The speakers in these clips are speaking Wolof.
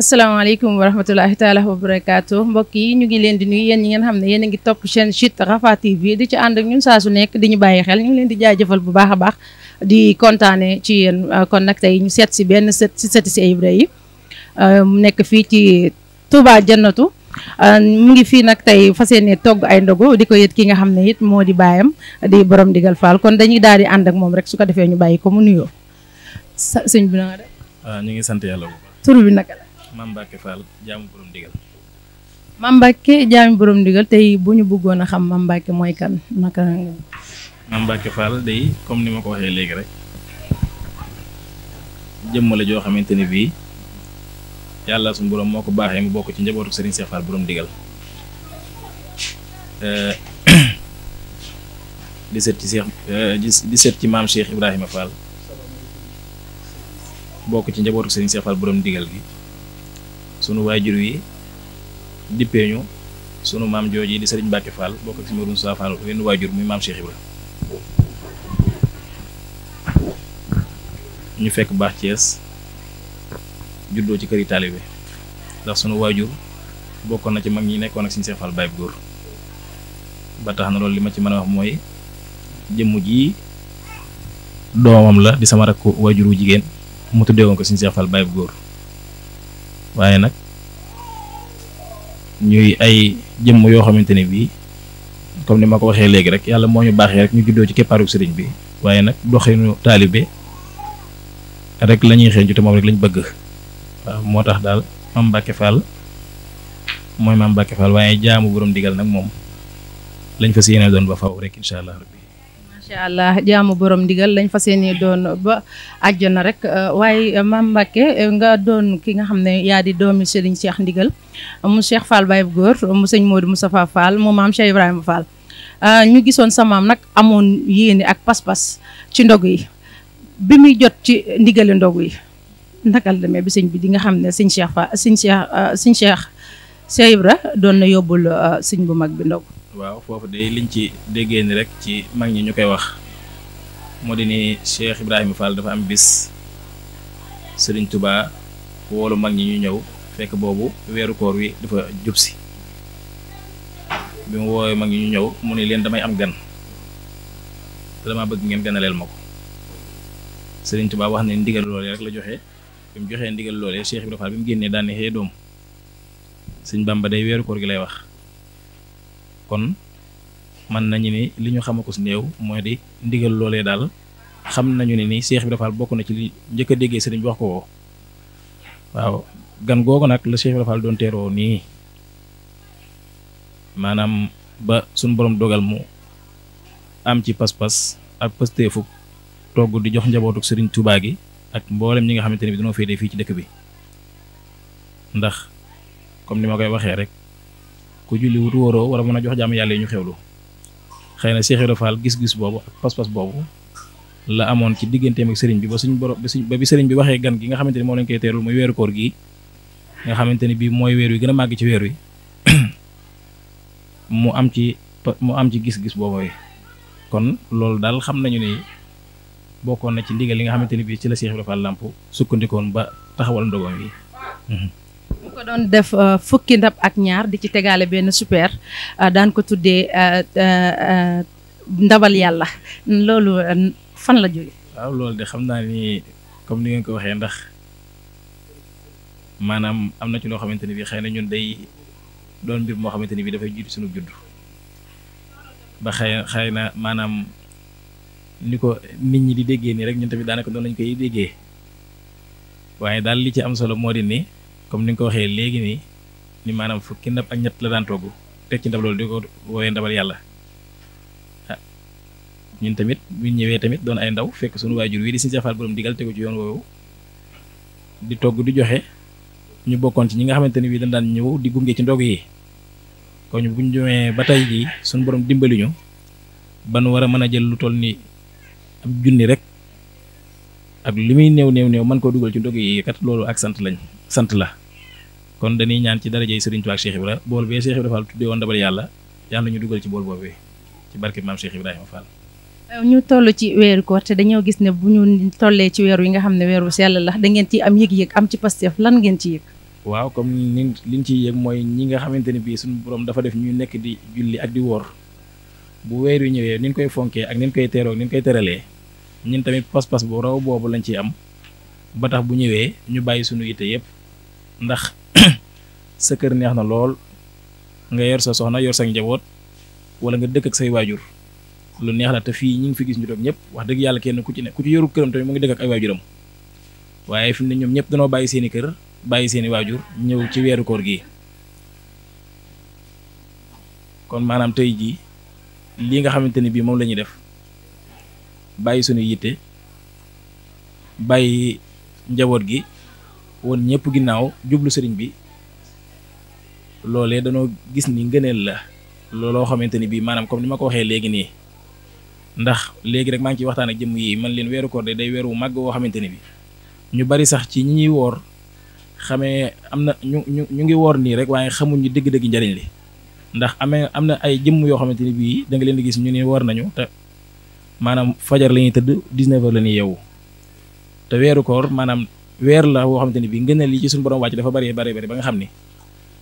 asalaamaaleykum wa rahmatulahi taala wa barakaatu mbokk yi ñu ngi leen di nuyu yéen ñi ngeen xam ne yen a ngi topp chaîne Chute Rafah TV di ci ànd ak ñun saa su nekk di ñu bàyyi xel ñu ngi leen bu baax a baax di kontaane ci yéen uh, kon nag tey ñu seet si benn sët si sëti si Ibra yi uh, mu nekk fii ci Touba janatu uh, mu ngi fii nag tey fas yéene togg ay ndogu di ko yët ki nga xam ne it moo di baayam di borom digal faal kon dañuy daal di ànd ak moom rek su ko defee ñu bàyyi ko mu nuyoo sëñ bi sant yàlla bi naka la. Mame Mbacke Fall jaamu borom ndigal. Mame Mbacke jaami borom ndigal tey bu ñu bëggoon a xam Mame Mbacke mooy kan naka nga. Mame Mbacke Fall comme ni ma ko waxee léegi rek jëmm la joo xamante ni bii yàlla suñu borom moo ko baaxee mu bokk ci njabootu Serigne Cheikh Fall borom ndigal. di seet ci Cheikh di seet ci maam Cheikh Ibrahima Fall bokk ci njabootu Serigne Cheikh Fall borom digal gi. sunu waajur yi dippee ñu sunu maam jooji di Serigne Mbacke Fall bokk ak si Maroune Sa Fall wenn waajur muy maam Cheikh Ibra ñu fekk baax cees juddoo ci kër yi ndax sunu waajur bokkoon na ci mag ñi nekkoon ak Serigne Cheikh Fall Baye góor bataax na loolu li ma ci mën a wax mooy jëmm ji doomam la di sama rakk waajur wu jigéen mu tuddee woon ko Serigne Cheikh Fall Baye góor. waaye nag ñuy ay jëmm yoo xamante ne bii comme ni ma ko waxee léegi rek yàlla moo ñu baaxee rek ñu juddoo ci keppaaru sëriñ bi waaye nag doxinu taalibe rek la ñuy xeeñcu te moom lañ bëgg moo tax daal maam Mbacke Fall mooy maam Mbacke Fall waaye jaamu borom digal nag moom lañ fa si yéene doon ba faw rek incha allah rabbi incha allah jaamu boroom ndigal lañ fa yéene doon ba na rek euh, waaye euh, maam Mbacke euh, nga doon ki nga xam ne yaa di doomi Serigne Cheikh ndigal mu Cheikh Fall Baye góor mu sëñ Modou Moustapha Fall mu maam Cheikh Ibrahima Fall ñu gisoon sa maam nag amoon yéene ak pas-pas ci ndog yi bi muy jot ci ndigali ndog yi naka la demee bi sëñ bi di nga xam ne sëñ Cheikh Fall sëñ Cheikh sëñ doon na yóbbul sëñ bu mag bi ndog waaw foofu de liñ ci déggee ni rek ci mag ñi ñu koy wax moo di ni Cheikh Ibrahima Fall dafa am bis Serigne Touba woolu mag ñi ñu ñëw fekk boobu weeru koor wi dafa jub si bi mu woowee mag ñi ñu ñëw mu ne leen damay am gan te dama bëgg ngeen ganaleel ma ko Serigne Touba wax ne ndigal loolee rek la joxe bi mu joxee ndigal loolee Cheikh Ibrahima Fall bi mu génnee daan ne xëy doom Sëñ Bamba day weeru koor gi lay wax. kon mën nañu ni li ñu xamakus néew mooy di ndigal loolee daal xam nañu ne ni Cheikh Ibra Fall bokk na ci li njëkk a déggee sëriñ bi wax ko woo waaw gan googu nag la Cheikh Ibra Fall doon teeroo nii maanaam ba suñ borom dogal mu am ci pas-pas ak pësteefu togg di jox njabootuk sëriñ tubaa gi ak mboolem ñi nga xamante ni bi dañoo féetee fii ci dëkk bi ndax comme ni ma koy waxee rek ku julliwut wóoroo war a mën a jox jàmm yàlla yi ñu xewlu xëy na Cheikh Ibra Fall gis-gis boobu ak pas-pas boobu la amoon ci digganteem ak sëriñ bi ba suñ borom ba bi sëriñ bi waxee gan gi nga xamante ni moo lañ koy teerul muy weeru koor gi nga xamante ni bii mooy weer wi gën a màgg ci weer wi mu am ci mu am ci gis-gis boobu kon loolu daal xam nañu ni bokkoon na ci ndigal li nga xamante ni bii ci la Cheikh Ibra Fall làmp sukkandikoon ba taxawal ndogoom ko doon def euh, fukki ndab ak ñaar di ci tegaale benn super euh, daan ko tuddee euh, ndabal yàlla loolu fan la jóge waaw loolu de xam naa ni comme ni ko waxee ndax maanaam am na ci loo xamante ni bi xëy ñun day doon mbir moo xamante ni bi dafay jiitu suñu judd ba xëy maanaam ni ko nit ñi di déggee nii rek ñun tamit daanaka noonu lañ koy déggee waaye daal li ci am solo moo di ni comme ni nga ko waxee léegi nii ni maanaam fukki ndab ak ñett la daan togg teg ci ndab loolu di ko wooyee ndabal yàlla ah, ñun tamit bu ñëwee tamit doon ay ndaw fekk suñu waajur wii di siñ safaal borom digal tegu ci yoon woowu di togg di joxe ñu bokkoon ci ñi nga xamante ni bii dañ daan ñëw di gunge ci ndog yi koñ bu ñu ba tey jii suñu boroom dimbali ñu ba nu war a mën a jël lu toll ni ab junni rek ak li muy néew néew new man koo dugal ci ndog yi kat loolu ak sant lañ sant la. kon dañuy ñaan ci darajey Sëriñ Tuubaa Cheikh bool bee Cheikh Ibra Fall tuddee woon dabal yàlla yàlla ñu dugal ci bool boobu ci barke maam Cheikh Ibrahima Fall euh, ñu toll ci weeru koor te dañoo gis ne bu ñu tollee ci weer wi nga xam ne weeru sell la da ngeen ci am yëg-yëg am ci Pastef lan ngeen ci yëg waaw comme ni liñ ciy yëg mooy ñi nga xamante ne bii suñu borom dafa def ñu nekk di julli ak di woor bu weer wi ñëwee ni ñu koy fonkee ak ni koy teeroo ak ni koy teralee ñun tamit pas-pas bu raw boobu lañ ciy am ba tax bu ñëwee ñu bàyyi suñu yitte yëpp ndax sa kër neex na lool nga yor sa soxna yor sa njaboot wala nga dëkk ak say waajur lu neex la te fii ñu ngi fi gis ñu toog ñëpp wax dëgg yàlla kenn ku ci ku ci yoru këram tamit mu ngi dëkk ak ay waajuram waaye fi mu ne ñoom ñëpp danoo bàyyi seeni kër bàyyi seeni waajur ñëw ci weeru koor gi kon maanaam tey jii lii nga xamante ni bii moom lañuy def bàyyi suñu yitte bàyyi njaboot gi woon ñëpp ginnaaw jublu sëriñ bi loolee danoo gis ni ngëneel la looloo xamante ni bii maanaam comme ni ma ko waxee léegi nii ndax léegi rek maa ngi ciy waxtaan ak jëmm yi man leen weeru koor de day weeru wu màgg woo xamante ni bi ñu bari sax ci ñuy woor xamee am na ñu ñu ngi woor nii rek waaye xamuñu dëgg-dëgg njariñ li ndax amee am na ay jëmm yoo xamante ni bii da nga leen di gis ñu ne war nañu te maanaam fajar la ñuy tëdd 19 heures la ñuy yeewu te weeru koor maanaam weer la woo xamante ni bii ngëneel yi ci suñu borom wàcc dafa bari bari bari ba nga xam ni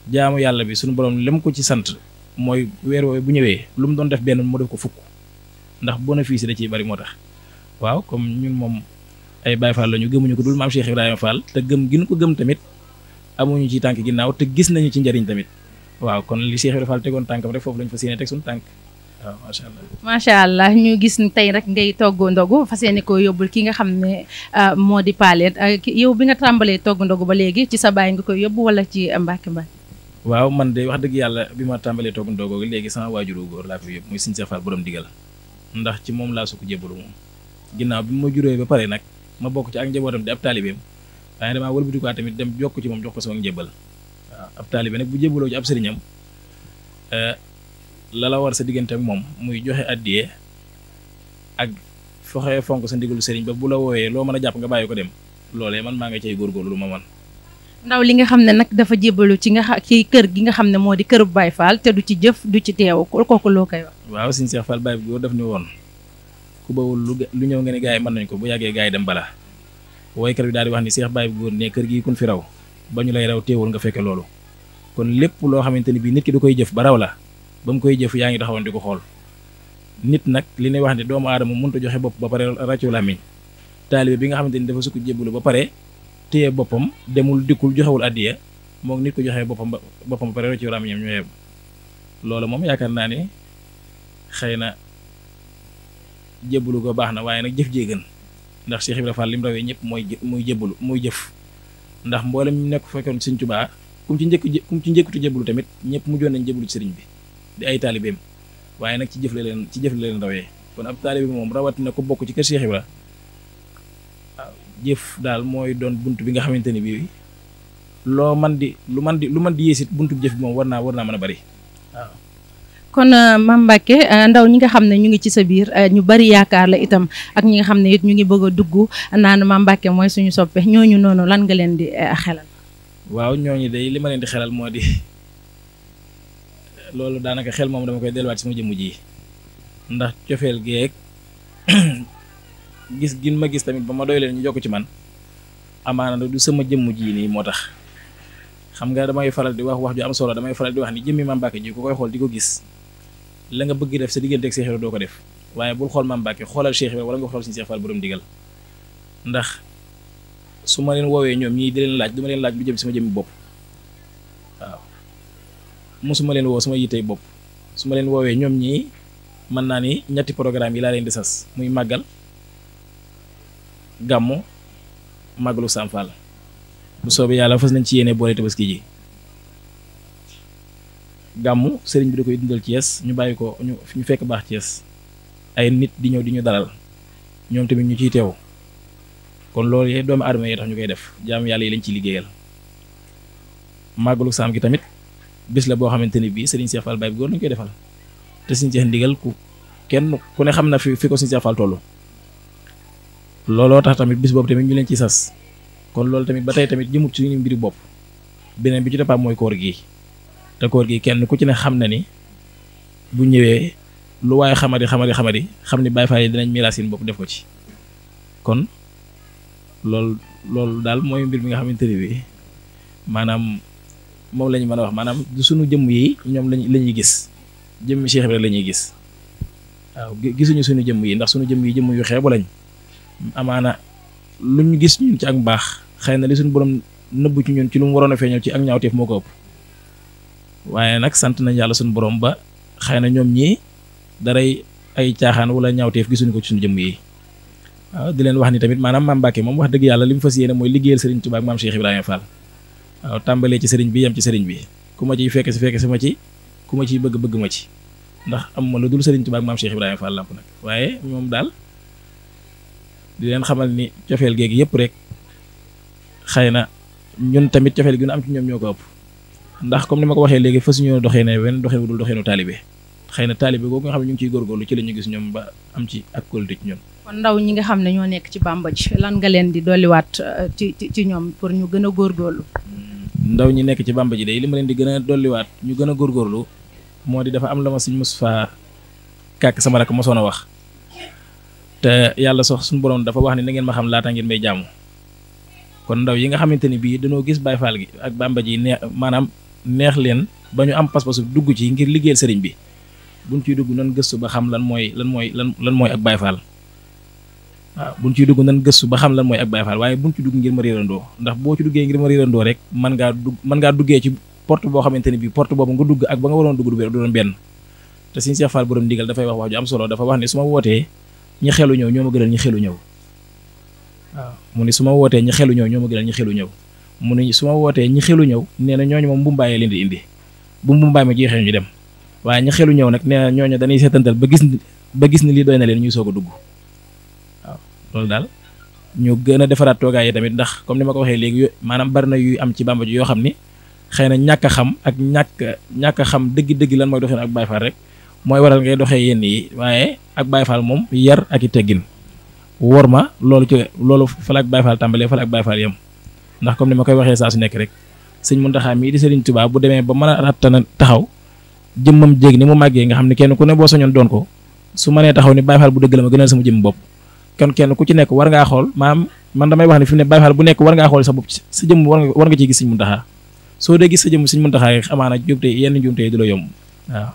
jaamu yàlla bi suñu borom lim ko ci sant mooy weer woowu bu ñëwee lu mu doon def benn mu def ko fukk ndax bénéfice da ciy bari moo tax waaw comme ñun moom ay Baay Faal la ñu gëmuñu ko dul maam Cheikh Ibrahima Fall te gëm gi ñu ko gëm tamit amuñu ci tànk ginnaaw te gis nañu ci njariñ tamit waaw kon li Cheikh Ibrahima Fall tegoon tànkam rek foofu lañu fas yéene teg suñu tànk waaw macha allah ñu gis ni tey rek ngay togg ndogu fas yéene ko yóbbul ki nga xam ne ah, moo di Paa Léne ah, yow bi nga tàmbalee togg ndogu ba léegi ci sa baay nga koy yóbbu wala ci Mbàkke Mbàkke waaw man de wax dëgg yàlla bi ma tàmbalee toog ndoogoo léegi sama waajuru góor laa fi yëpp muy Sëñ Cheikh Fall borom digal ndax ci moom laa sukk jébbalu moom bi ma juróoy ba pare nag ma bokk ci ak njabootam di ab taalibeem waaye damaa wëlbatikuwaat tamit dem jokk ci moom jox ko sama njébbal waaw ab taalibe nag bu jébbaloo ci ab sëriñam eh, la war sa diggante ak moom muy joxe addiye ak foxee fonk sa ndigalu sëriñ ba bu la wooyee loo man a jàpp nga bàyyi ko dem loolee man maa nga cay góorgóorlu lu ma man ndaw li nga xam ne nag dafa jébalu ci nga xam ci kër gi nga xam ne moo di kër bu Baye Fall te du ci jëf du ci teew kooku loo koy wax. waaw suñu Cheikh Fall Baye góor daf ni woon ku bawul lu lu ñëw nga ne gars yi mën nañ ko bu yàggee gaay yi dem bala woykat bi daal di wax ni Cheikh Baye góor ne kër gi kon fi raw ba ñu lay raw teewul nga fekke loolu kon lépp loo xamante ni bii nit ki du koy jëf ba raw la ba mu koy jëf yaa ngi taxawoon di ko xool nit nag li ñuy wax ne doomu aadama mënut a joxe bopp ba pare ràccu làmmiñ taalibe bi nga xamante ni dafa sukk jébbalu ba pare téye boppam demul dikkul joxewul addiya moom nit ko joxee boppam ba boppam ba pare ci raam ñoo yem loolu moom yaakaar naa ni xëy na jébbalu ko baax na waaye nag jëf jee gën ndax Cheikh Ibrahima Fall lim rawee ñëpp mooy muy jébbalu muy jëf ndax mboolem ñu nekk fekkoon Sëriñ Tuubaa kum ci njëkk kum ci njëkkutu jébbalu tamit ñëpp mujjoon nañ jébbalu ci sëriñ bi di ay taalibeem waaye nag ci jëf la leen ci jëf leen rawee kon ab taalibe moom rawat na ko bokk ci kër Cheikh Ibrahima jëf daal mooy doon bunt bi nga xamante ni bii loo man di lu man di lu man di yéesit buntu jëf bi moom war naa war naa mën a bari waaw. kon euh, Mame Mbacke euh, ndaw ñi nga xam ne ñu ngi ci sa biir euh, ñu bari yaakaar la itam ak ñi nga xam ne it ñu ngi bëgg a dugg naan Mame Mbacke mooy suñu soppee ñooñu noonu lan nga leen di xelal. waaw ñooñu day li ma leen di xelal moo di loolu daanaka xel moom dama koy delluwaat sama jëmm ji ndax cofeel geeg gis gin ma gis tamit ba ma doy leen ñu jokk ci man amaana du sama jëmm ji nii moo tax xam nga damay faral di wax wax ju am solo damay faral di wax ni jëmmi Mame Mbacke ko koy xool di ko gis la nga bëgg def sa diggante ak Cheikh Ibra doo ko def waaye bul xool Mame Mbacke xoolal Cheikh Ibra wala nga xool suñu Cheikh Fall borom digal ndax su ma leen woowee ñoom ñii di leen laaj du ma leen laaj bu jëm sama jëmmi bopp waaw mosuma leen woo sama yitey bopp su ma leen woowee ñoom ñii mën naa ni ñetti yi laa leen di sas muy màggal gàmmu màggalu Sam Fall bu soobee yàlla fas nañ ci yéene boole tabaski ji gàmmu sëriñ bi du koy dindal Thiès ñu bàyyi ko ñu fekk baax Thiès ay nit di ñëw di ñu dalal ñoom tamit ñu ciy teew kon loolu yee doomu aadama yi tax ñu koy def jaam yàlla yi lañ ciy liggéeyal màggalu saam gi tamit bis la boo xamante ni bii Serigne Cheikh Fall Baye góor lañ koy defal te Serigne Cheikh ndigal ku kenn ku ne xam na fi fi ko Serigne Cheikh Fall toll looloo tax tamit bis boobu tamit ñu leen ci sas kon loolu tamit ba tey tamit jëmut suñu mbiri bopp beneen bi ci départ mooy koor gi te koor gi kenn ku ci ne xam na ni bu ñëwee lu waaye xamadi xamadi xamadi xam ni Baay Faal yi dinañ miiraas seen bopp def ko ci kon loolu loolu daal mooy mbir bi nga xamante ne bi maanaam moom lañu mën a wax maanaam du suñu jëmm yi ñoom lañ la ñuy gis jëmm Cheikh Ibrahima la ñuy gis waaw gisuñu suñu jëmm yi ndax suñu jëmm yi jëmm yu xeebu lañ amaana lu ñu gis ñun ci ak mbaax xëy na li suñu borom nëbbu ci ñun ci lu mu waroon a feeñal ci ak ñaawteef moo ko waaye nag sant nañ yàlla suñu borom ba xëy na ñoom ñi daray ay caaxaan wala ñaawteef gisuñu ko ci suñu jëmm yi waaw di leen wax ni tamit maanaam maam Mbacke moom wax dëgg yàlla li mu fas yéene mooy liggéeyal sëriñ Tuubaa ak maam Cheikh Ibrahima Fall waaw tàmbalee ci sëriñ bi yam ci sëriñ bi ku ma ciy fekke si fekk si ma ci ku ma ciy bëgg bëgg ma ci ndax am ma lu dul sëriñ Tuubaa ak maam Cheikh Ibrahima Fall làmp nag waaye di leen xamal ni cofeel géeg yëpp rek xëy na ñun tamit cofeel gi ñu am ci ñoom ñoo ko ëpp ndax comme ni ma ko waxee léegi fa suñu doxee ne benn doxee wudul doxeenu taalibe xëy na taalibe googu nga xam ne ñu ngi ciy góorgóorlu ci la ñu gis ñoom ba am ci ak kóolute ci ñun. kon ndaw ñi nga xam ne ñoo nekk ci Bamba ji lan nga leen di dolliwaat euh, ci ci ñoom pour ñu gën a góor góorgóorlu. ndaw ñi nekk ci Bamba ji day li ma leen di gën a dolliwaat ñu gën a góorgóorlu moo di dafa am la ma suñ Moustapha kàkk sama rakk mosoon a wax te yàlla sox suñ borom dafa wax ne na ngeen ma xam laata ngeen may jàmm kon ndaw yi nga xamante ni bii dañoo gis Baye Fall gi ak Bamba ji neex maanaam neex leen ba ñu am pas-pasu dugg ci ngir liggéeyal sëriñ bi buñ ciy dugg nan gëstu ba xam lan mooy lan mooy lan lan mooy ak Baye Fall waaw buñ ciy dugg nan gëstu ba xam lan mooy ak Baye Fall waaye buñ ngir ma réerandoo ndax boo ci duggee ngir ma réerandoo rek mën ngaa dugg mën ngaa duggee ci porte boo xamante ni bii porte boobu nga dugg ak ba nga waroon dugg du doon am solo dafa wax ne su ma wootee ñi xelu ñëw ñoo ma gënal ñi xelu ñëw waaw mu ni su ma wootee ñi xelu ñëw ñoo ma gënal xelu ñëw mu ni su ma wootee ñi xelu ñëw nee na ñooñu moom mbumbaayee leen di indi bu mbumbaay ma jeexee ñu dem waaye ñi xelu ñëw nag nee na ñooñu dañuy seetantal ba gis ba gis ni lii doy na leen ñuy soog a dugg waaw loolu daal ñu gën a defaraat toogaay yi tamit ndax comme ni ma ko waxee léegi maanaam bari na yu am ci Bàmba ji yoo xam ni xëy na ñàkk xam ak ñàkk ñàkk xam dëgg-dëgg lan mooy doxin ak Baay Faal rek mooy waral ngay doxe yenn yi waaye ak Baye Fall moom yar ak i teggin wóor ma loolu ci loolu fa la ak Baye Fall tàmbalee fa la ak Baye Fall yem ndax comme ni ma koy waxee saa su nekk rek sëñ Muntaxa mii di Sëriñ Tuubaa bu demee ba mën a rattana taxaw jëmmam jéeg ni mu màggee nga xam ne kenn ku ne boo soñoon doon ko su ma nee taxaw ni bu dëgg la ma gënal sama bopp kon kenn ku ci nekk war ngaa xool maam man damay wax ne fi mu ne bu nekk war ngaa xool sa bopp sa jëmm war nga war gis sëñ Muntaxa soo dee gis sa jëmm sëñ Muntaxa rek amaana jumte yenn jumte yi du la yomb waaw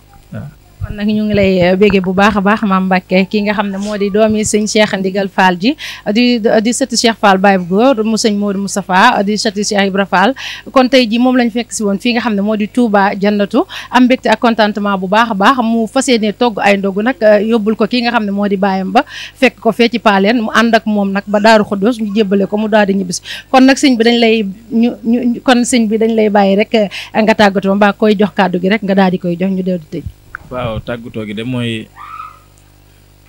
kon nag ñu ngi lay eh, bége bu baax a baax maam Mbacke nga xam ne moo di doomi sëñ Cheikh Ndigal Fall ji di di sëti Cheikh Fall Baye bu góor mu sëñ Modou Moustapha di sëti Cheikh Ibra Fall kon tey ji moom lañ fekk si woon fii nga xam ne moo di Touba jannatu am mbégte ak bu baax a baax mu fas yéene togg ay ndogu nag eh, yóbbul ko ki nga xam ne moo di baayam ba fekk ko fee ci paaleen mu ànd ak moom nag ba Daaru Xuddoos ñu jébbale ko mu daal di ñibbisi kon nag sëñ bi dañ lay ñu ñu kon sëñ bi dañ lay bàyyi rek eh, nga tàggatoo mbaa koy jox kàddu gi rek nga daal di koy jox ñu dee di tëj waaw tàggatoo gi de mooy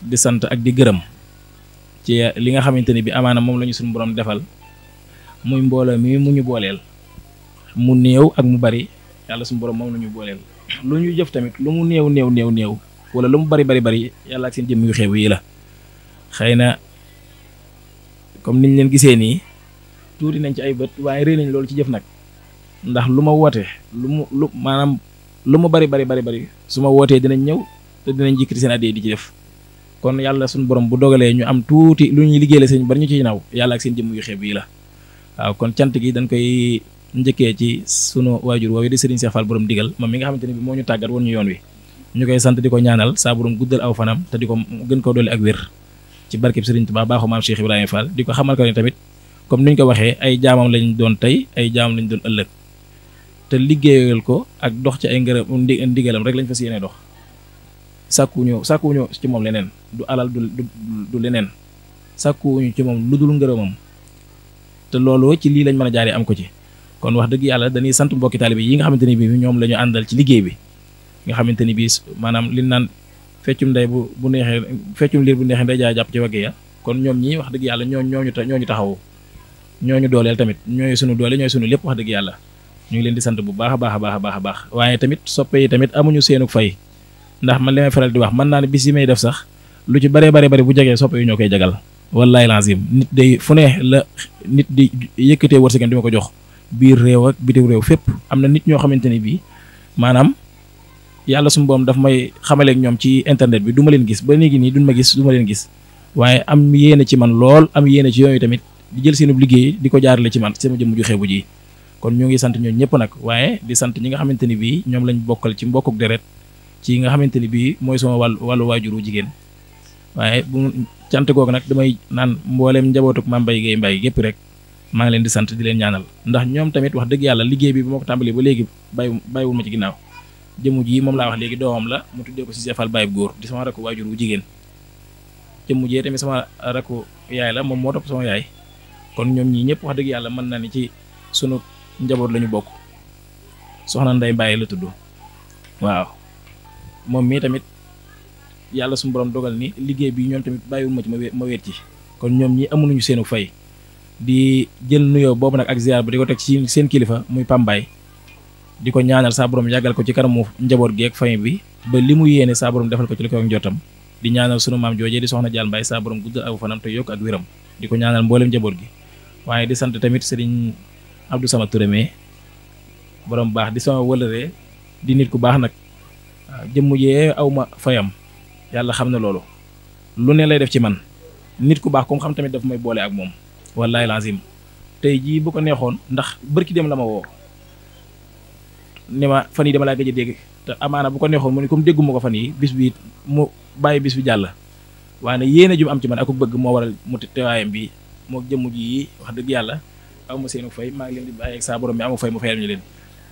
di sant ak di gërëm ci li nga xamante ni bi amaana moom la ñu suñu borom defal muy mbooloo mi mu ñu booleel mu néew ak mu bari yàlla suñu borom moom la ñu booleel lu ñu jëf tamit lu mu néew néew néew néew wala lu mu bari bari bari yàlla ak seen jëmm yu xew yi la xëy na comme niñ leen gisee nii tuuti nañ ci ay bët waaye réy nañ loolu ci jëf nag ndax lu ma woote lu mu lu maanaam lu mu bari bari bari bari su ma wootee dinañ ñëw te dinañ jikkati seen addee di ci def kon yàlla suñu borom bu dogalee ñu am tuuti lu ñuy liggéeyal seen bari ñu ci naw yàlla ak seen jëmm yu xeeb yi la waaw kon gi dañ koy njëkkee ci sunu waajur woowu di Serigne Cheikh Fall borom digal moom mi nga xamante ne bi moo ñu tàggat woon ñu yoon wi ñu koy sant di ko ñaanal saa borom guddal aw fanam te di ko gën koo dolli ak wér ci barkeb Serigne Touba baaxu maam Cheikh Ibrahima Fall di ko xamal ko ne tamit comme ni ñu ko waxee ay jaamam lañ doon tey ay jaamam lañ doon ëllëg te liggéeyal ko ak dox ci ay ngërëm ndigalam rek lañ fas yéene dox sàkkuwuñu sàkkuwuñu ci moom leneen du alal du du leneen sàkkuwuñu ci moom lu dul ngërëmam te loolu ci lii lañ mën a jaaree am ko ci kon wax dëgg yàlla dañuy sant mbokki taalibe yi nga xamante ni bii ñoom la ñu àndal ci liggéey bi nga xamante ni bii maanaam li naan feccum ndey bu bu neexee feccum liir bu neexee ndey jaay jàpp ci wagge ya kon ñoom ñii wax dëgg yàlla ñoo ñoo ñu taxaw ñoo ñu dooleel tamit ñooy sunu doole ñooy sunu lépp wax dëgg yàlla ñu ngi leen di sant bu baax a baax a baax a baax waaye tamit soppe yi tamit amuñu seenu fay ndax man li may faral di wax mën naa ne bis yi may def sax lu ci bare bare bare bu jegee soppe yi ñoo koy jagal wallaay lazim nit day fu ne la nit di yëkkatee wërsëgam di ma ko jox biir réew ak bitim réew fépp am na nit ñoo xamante ne bii maanaam yàlla suñu boom daf may xamaleek ñoom ci internet bi duma leen gis ba néegi nii duñ ma gis du ma leen gis waaye am yéene ci man lool am yéene ci yooyu tamit di jël seenub liggéey di ko jaarale ci man sama jëmm ju xeebu ji kon ñu ngi sant ñooñu ñëpp nag waaye di sant ñi nga xamante ni bii ñoom lañ bokkal ci mbokkuk deret ci nga xamante ni bii mooy sama wàllu wàllu waajuru jigéen waaye bu cant googu nag damay naan mbooleem njabootuk Mame Mbaye Guèye Mbaye gépp rek maa ngi leen di sant di leen ñaanal ndax ñoom tamit wax dëgg yàlla liggéey bi bu ko tàmbalee ba léegi bàyyi bàyyiwul ma ci ginnaaw jëmm ji moom laa wax léegi doomam la mu tuddee ko si sefal bàyyi góor di sama rakku waajur wu jigéen jëmm jee tamit sama rakku yaay la moom moo topp sama yaay kon ñoom ñii ñëpp wax dëgg yàlla mën na ni ci sunu njaboot lañu bokk soxna nday bàyyi la tudd waaw moom mii tamit yàlla suñu borom dogal ni liggéey bi ñoom tamit bàyyiwul ma ci ma weet ci kon ñoom ñi amuñu seenu fay di jël nuyoo boobu nag ak ziar ba di ko teg ci seen kilifa muy pambaay di ko ñaanal saa borom yàggal ko ci kanamu njaboot geeg fay bi ba li mu yéene saa defal ko ci li ko ak njottam di ñaanal sunu maam joojee di soxna Dial Mbaye saa borom guddal aw fanam te yokk ak wéram di ko ñaanal mboolem njaboot gi Abdou sama Touré mais borom baax di sama wëlëree di nit ku baax nag waaw ah, jëmm yee aw ma fayam yàlla xam ne loolu lu ne lay def ci man nit ku baax comme xam tamit daf may boole ak moom wallaay lazim tey jii bu ko neexoon ndax bërki dem la ma woo ne ma fan yi dama laa gëj dégg te amaana bu ko neexoon mu ne comme dégguma ko fan yi bis bi mu bàyyi bis bi jàll waaye ne yéen a jum am ci man ko bëgg moo waral mu teewaayam bi moo jëmm ji wax dëgg yàlla amu seenu fay maa ngi leen di bàyyi ak saa borom bi amu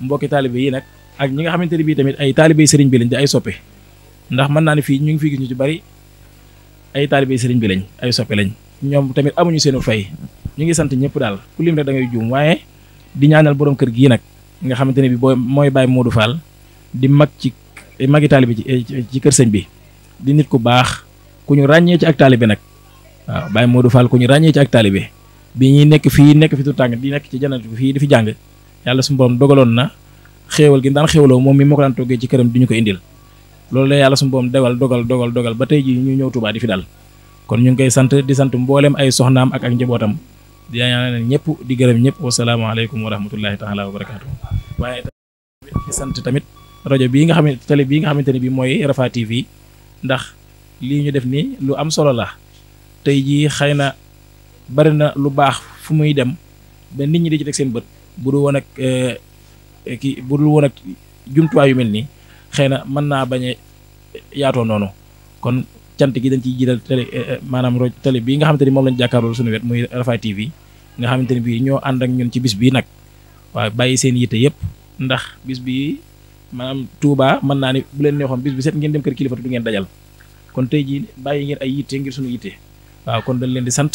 mbokki taalibe yi nag ak ñi nga xamante ne bii tamit ay taalibe sëriñ bi lañ ay soppe ndax mën naa ne fii ñu ngi fi gis ñu ci ay taalibe sëriñ bi lañ ay soppe lañ ñoom tamit amuñu seenu fay ñu ngi sant ñëpp daal ku lim rek da ngay juum waaye di ñaanal boroom kër gii nag nga xamante ne bi booy mooy Baye Modou Fall di mag ci eh, magi taalibe ci eh, ci kër sëñ bi di nit ku baax ku ñu ràññee ci ak taalibe nag waaw Baye Modou Fall ku ñu ràññee ci ak taalibe bi ñuy nekk fii nekk fi tu tàng di nekk ci janatu bi fii di fi jàng yàlla suñu borom dogaloon na xéewal gi daan xéewaloo moom mi moo ko daan toggee ci këram di ñu ko indil lool la yàlla suñu borom dogal dogal dogal dogal ba tey ji ñu ñëw Tuubaa di fi daal kon ñu ngi koy sant di sant mbooleem ay soxnaam ak ak njabootam di ñaanal ñëpp di gërëm ñëpp wasalaamaaleykum wa rahmatullahi taala wa barakaatu waaye di sant tamit rajo bii nga xam ne télé bii nga xamante ne bii mooy Rafah TV ndax lii ñu def nii lu am solo la bari na lu baax fu muy dem ba nit ñi di ci teg seen bët bu dul woon ak eh, ki bu dul woon ak jumtuwaay yu mel nii xay na mën naa bañ a yaatoo noonu kon cant ki dañ ci jiital télé eh, eh, maanaam rajo tele bii nga xamante ni moom lañ jàkkaarloo suñu wet muy Rafah TV nga xamante ni bii ñoo ànd ak ñun ci bis bii nag waaw bàyyi seen yitte yëpp ndax bis bii maanaam Touba mën naa ni bu leen neexoon bis bi set ngeen dem kër kilifa du ngeen dajal kon tey jii bàyyi ngeen ay yitte ngir suñu yitte kon dañ leen di sant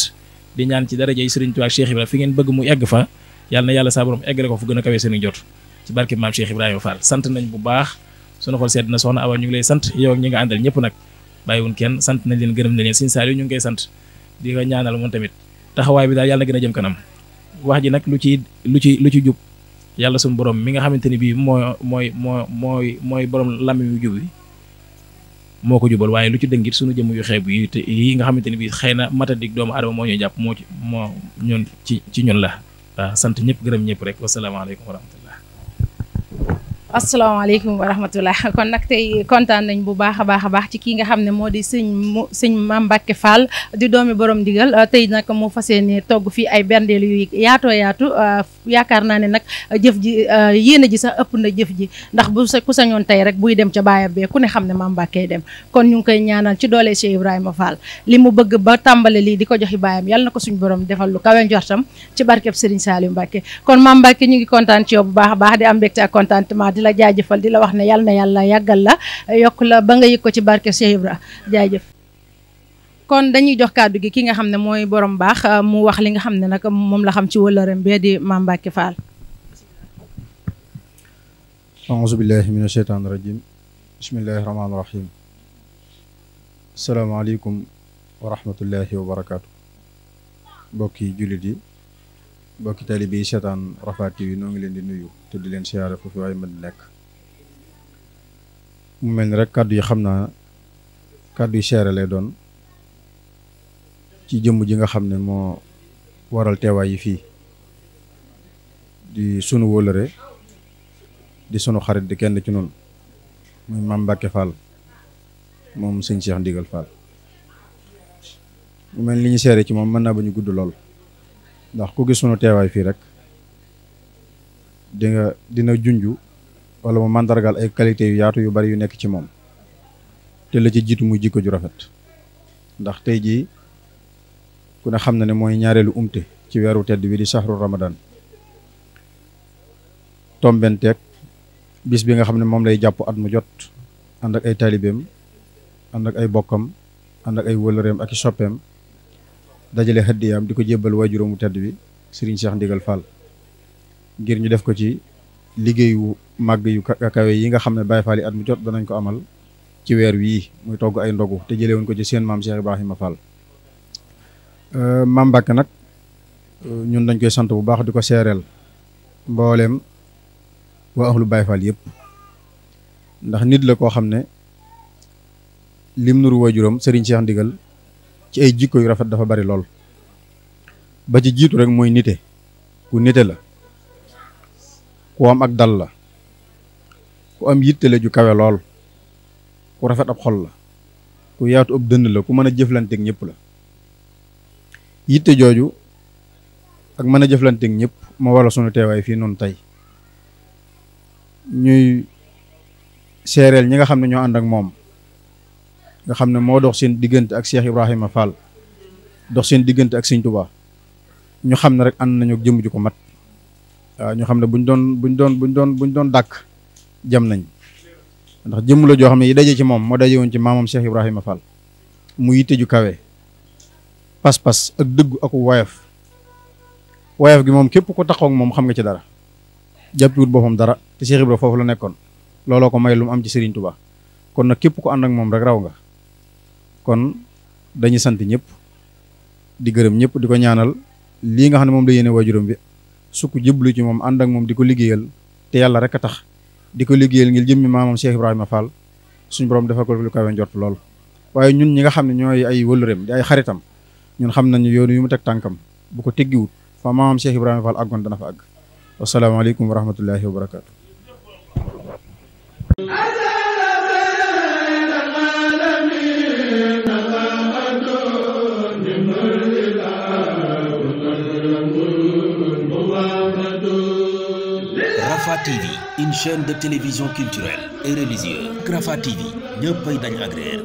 di ñaan ci daraja yi Serigne Touba ak Cheikh Ibrahima fi ngeen bëgg mu egg fa yàlla na yàlla saa borom eggale ko fu gën a kawee seeni jot ci barke maam Cheikh Ibrahima Fall sant nañ bu baax sunu xol sedd na soxna Awa ñu ngi lay sant yow ak nga àndal ñëpp nag bàyyiwun kenn sant nañ leen gërëm na leen Serigne Saliou ñu ngi koy sant di ko ñaanal moom tamit taxawaay bi daal yàlla gën a jëm kanam wax ji nag lu ci lu ci lu ci jub yàlla suñu borom mi nga xamante ni bii moo mooy moo mooy mooy boroom làmmiñ yu jub bi moo ko jubal waaye lu ci dëngit suñu jëm yu xeeb yi te yi nga xamante ni bii xëy na matadik doomu aadama moo ñuy jàpp moo ci moo ñun ci ci ñun la waaw sant ñëpp gërëm ñëpp rek wasalaamaaleykum wa rahmatullah asalaamaaleykum wa rahmatulah kon nag tey kontaan nañ bu baax a baax a baax ci kii nga xam ne moo di sëñ mu sëñ Mame Mbacke Fall di doomi borom digal euh, tey nag mu fas ne togg fii ay berndeel yu yaatoo yaatu euh, yaakaar naa ne nag jëf ji euh, yéene ji sax ëpp na jëf ji ndax bu sa ku sañoon tey rek buy dem ca baayam bee ku ne xam ne Mame Mbacke dem kon ñu ngi koy ñaanal ci doole Cheikh Ibrahima Fall li mu bëgg ba tàmbale lii di ko joxi baayam yàlla na ko suñu borom defal lu kawe njortam ci barkeb Serigne Saliou Mbacke kon Mame Mbacke ñu ngi kontaan ci yow bu baax baax di am mbégte di la jaajëfal di la wax ne yàlla yàlla yàggal la yokk la ba nga yëg ko ci barke Cheikh Ibra jaajëf. kon dañuy jox kàddu gi ki nga xam ne mooy borom baax euh, mu wax li nga xam ne nag moom la xam ci wëllëram bee di Mame Mbacké Fall aouzu billahi mina sheytaani rajim bismillahi rahmaani rahim asalaamaaleykum wa barakaatu mbokki jullit yi mbokki tali bi seetaan TV noo ngi leen di nuyu te di leen siyaare foofu fi waaye mën nekk mu mel ni rek kàddu yi xam naa kàddu yi seere lay doon ci jëmm ji nga xam ne moo waral teewaay yi fii di sunu wóolëre di sunu xarit di kenn ci noonu muy Mame Mbacke Fall moom sëñ Cheikh Ndigal Fall mu mel li ñu seere ci moom mën naa ba ñu gudd lool ndax ku gis sunu teewaay fii rek di dina junju wala mu màndargaal ay qualité yu yaatu yu bari yu nekk ci moom te la ci jiitu muy jikko ju rafet ndax tey jii ku ne xam na ne mooy ñaareelu umte ci weeru tedd bi di saxru ramadan tombenteeg bis bi nga xam ne moom lay jàpp at mu jot ànd ak ay taalibeem ànd ak ay bokkam ànd ak ay wëlëreem ak i soppeem dajale hadiyaam di ko jébbal waajuróomu tedd bi Serigne Cheikh Ndigal Fall ngir ñu def ko ci liggéeyu màgg yu kawe yi nga xam ne Baye Fall yi at mu jot danañ ko amal ci weer wii muy togg ay ndogu te jëlee woon ko ci seen maam Cheikh Ibrahima Fall euh, maam Mbàkke nag euh, ñun dañ koy sant bu baax di ko seereel mbooleem waa ahlu Baye Fall yëpp ndax nit la koo xam ne lim nuru juróom Serigne Cheikh Ndigal ci ay jikko yu rafet dafa bari lool ba ci jiitu rek mooy nite ku nite la ku am ak dal la ku am yitte ju kawe lool ku rafet ab xol la ku yaatu ab dënn la ku mën a jëflanteeg ñëpp la yitte jooju ak mën a jëflanteeg ñëpp moo wala sunu teewaay fii noonu tey ñuy seereel ñi nga xam ne ñoo ànd ak moom nga xam ne moo dox seen diggante ak Cheikh Ibrahima Fall dox seen diggante ak Sëñ Tuubaa ñu xam ne rek ànd nañu jëm ju ko mat waaw ñu xam ne buñ doon buñ doon buñ doon buñ doon dàkk jëm nañ ndax jëmm la joo xam ne yi daje ci moom moo daje woon ci maamam Cheikh Ibrahima Fall mu yitte ju kawe pas-pas ak dëgg ak woyof woyof gi moom képp ko taxaw moom xam nga ci dara jàppiwut boppam dara te Cheikh Ibrahima foofu la nekkoon looloo ko may lu mu am ci Serigne Touba kon nag képp ko ànd ak moom rek raw nga kon dañuy sant ñëpp di gërëm ñëpp di ko ñaanal lii nga xam ne moom la yéene waajuram bi sukk jëblu ci moom ànd ak moom di ko liggéeyal te yàlla rek a tax di ko liggéeyal ngir jëmmi maamam Cheikh Ibrahima Fall suñ borom defal ko lu kawe njort lool. waaye ñun ñi nga xam ne ñooy ay wëllëreem di ay xaritam ñun xam nañu yoonu yu mu teg tànkam bu ko teggiwut fa maamam Cheikh Ibrahima ak àggoon dana fa àgg. wasalaamaaleykum wa rahmatullahi wa barakaatu. TV une de télévision culturelle et religieuse Rafah TV ñëppay dañ agréer